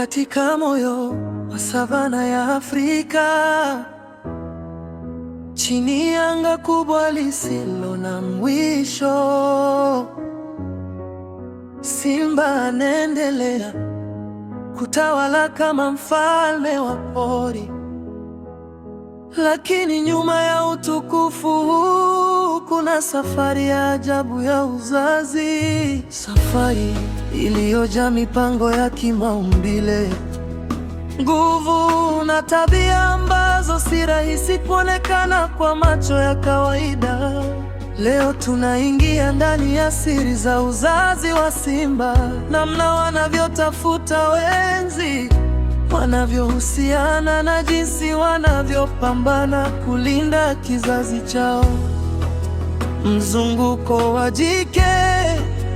katika moyo wa savana ya Afrika, chini ya anga kubwa lisilo na mwisho, simba anaendelea kutawala kama mfalme wa pori, lakini nyuma ya utukufu kuna safari ya ajabu ya uzazi, safari iliyojaa mipango ya kimaumbile, nguvu na tabia ambazo si rahisi kuonekana kwa macho ya kawaida. Leo tunaingia ndani ya siri za uzazi wa simba, namna wanavyotafuta wenzi, wanavyohusiana na jinsi wanavyopambana kulinda kizazi chao mzunguko wa jike.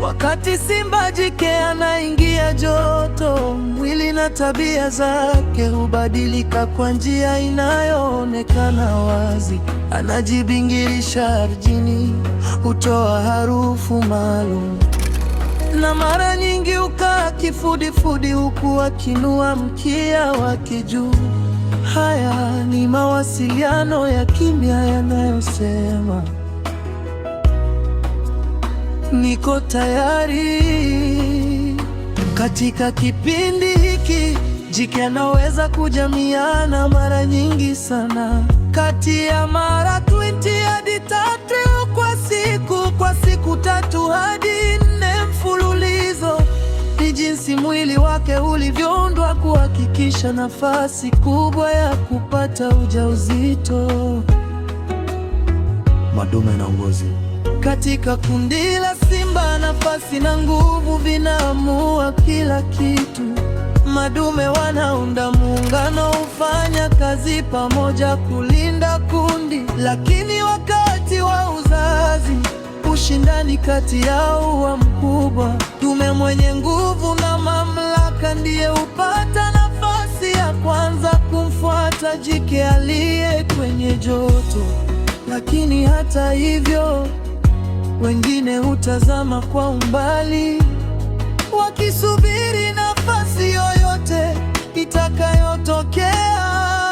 Wakati simba jike anaingia joto, mwili na tabia zake hubadilika kwa njia inayoonekana wazi. Anajibingirisha ardhini, hutoa harufu maalum na mara nyingi ukaa kifudifudi huku akinua mkia wake juu. Haya ni mawasiliano ya kimya yanayosema niko tayari katika kipindi hiki. Jike anaweza kujamiana mara nyingi sana, kati ya mara 20 hadi 30 kwa siku, kwa siku tatu hadi nne mfululizo. Ni jinsi mwili wake ulivyoundwa kuhakikisha nafasi kubwa ya kupata ujauzito. Madume na ngozi katika kundi la simba, nafasi na nguvu vinaamua kila kitu. Madume wanaunda muungano, hufanya kazi pamoja kulinda kundi, lakini wakati wa uzazi ushindani kati yao wa mkubwa. Dume mwenye nguvu na mamlaka ndiye hupata nafasi ya kwanza, kumfuata jike aliye kwenye joto. Lakini hata hivyo wengine hutazama kwa umbali, wakisubiri nafasi yoyote itakayotokea.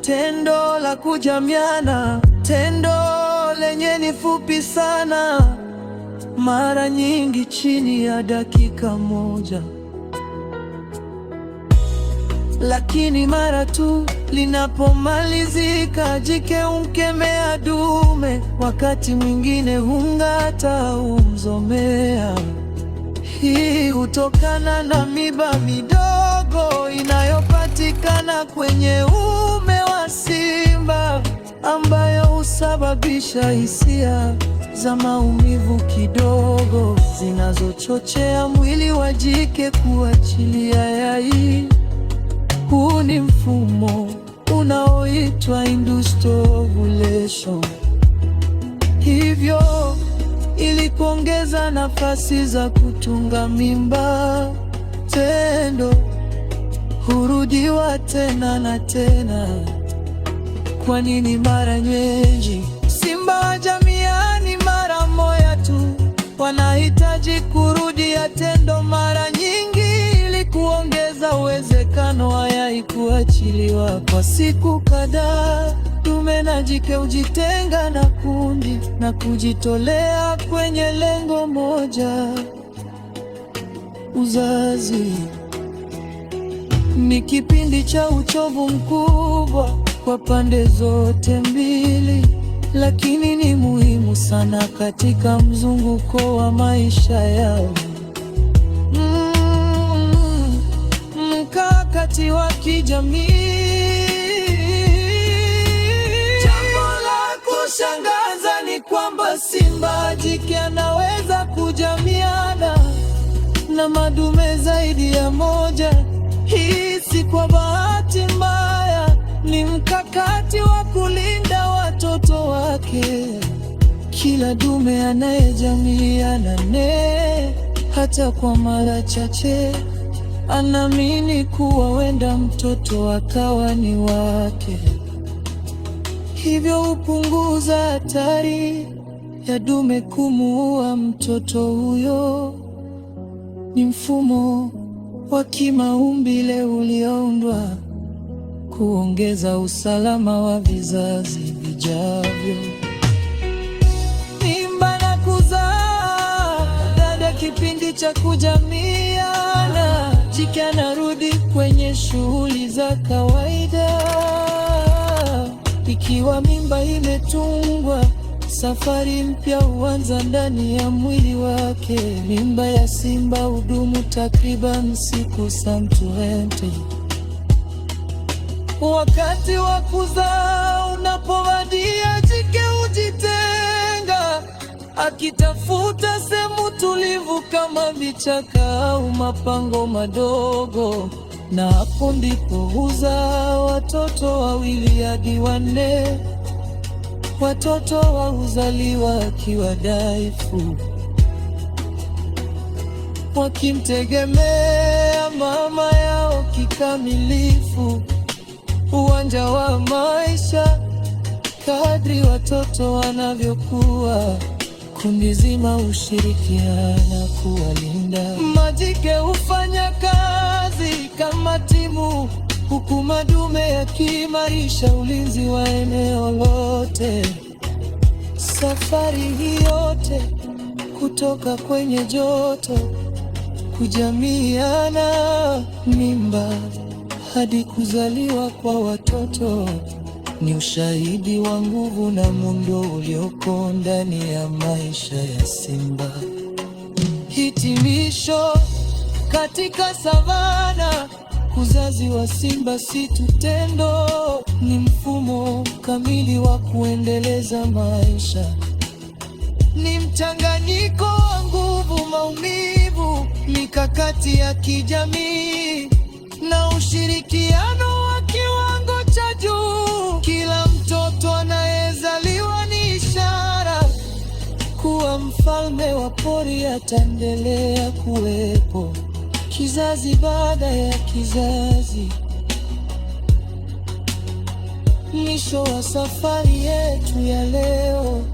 Tendo la kujamiana, tendo lenye ni fupi sana, mara nyingi chini ya dakika moja lakini mara tu linapomalizika jike umkemea dume, wakati mwingine hung'ata, humzomea. Hii hutokana na miba midogo inayopatikana kwenye ume wa simba ambayo husababisha hisia za maumivu kidogo zinazochochea mwili wa jike kuachilia yai. Huu ni mfumo unaoitwa industrial ovulation. Hivyo ili kuongeza nafasi za kutunga mimba, tendo hurudiwa tena na tena. Kwa nini mara nyingi simba wa jamiani mara moja tu wanahitaji kurudia tendo mara uwezekano haya haikuachiliwa kwa siku kadhaa. Tume na jike hujitenga na kundi na kujitolea kwenye lengo moja, uzazi. Ni kipindi cha uchovu mkubwa kwa pande zote mbili, lakini ni muhimu sana katika mzunguko wa maisha yao. wakati wa kijamii. Jambo la kushangaza ni kwamba simba jike anaweza kujamiana na madume zaidi ya moja. Hii si kwa bahati mbaya, ni mkakati wa kulinda watoto wake. Kila dume anayejamiana naye hata kwa mara chache anaamini kuwa wenda mtoto akawa ni wake, hivyo hupunguza hatari ya dume kumuua mtoto huyo. Ni mfumo wa kimaumbile ulioundwa kuongeza usalama wa vizazi vijavyo. Mimba na kuzaa dada, kipindi cha kujamiana Nikishika narudi kwenye shughuli za kawaida, ikiwa mimba imetungwa, safari mpya huanza ndani ya mwili wake. Mimba ya simba hudumu takriban siku samtuhenti. Wakati wa kuzaa unapowadia, jike hujitenga akitafuta kama vichaka au mapango madogo, na hapo ndipo huzaa watoto wawili hadi wanne. Watoto wa huzaliwa akiwa dhaifu, wakimtegemea mama yao kikamilifu. Uwanja wa maisha, kadri watoto wanavyokuwa kundi zima ushirikiana kuwalinda. Majike hufanya kazi kama timu, huku madume yakiimarisha ulinzi wa eneo lote. Safari hii yote kutoka kwenye joto, kujamiana, mimba hadi kuzaliwa kwa watoto ni ushahidi wa nguvu na mundo ulioko ndani ya maisha ya simba. Hitimisho katika savana, uzazi wa simba si tutendo, ni mfumo kamili wa kuendeleza maisha. Ni mchanganyiko wa nguvu, maumivu, mikakati ya kijamii na ushirikiano mfalme wa pori ataendelea kuwepo kizazi baada ya kizazi. Mwisho wa safari yetu ya leo,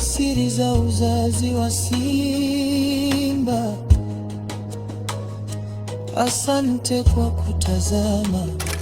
siri za uzazi wa simba. Asante kwa kutazama.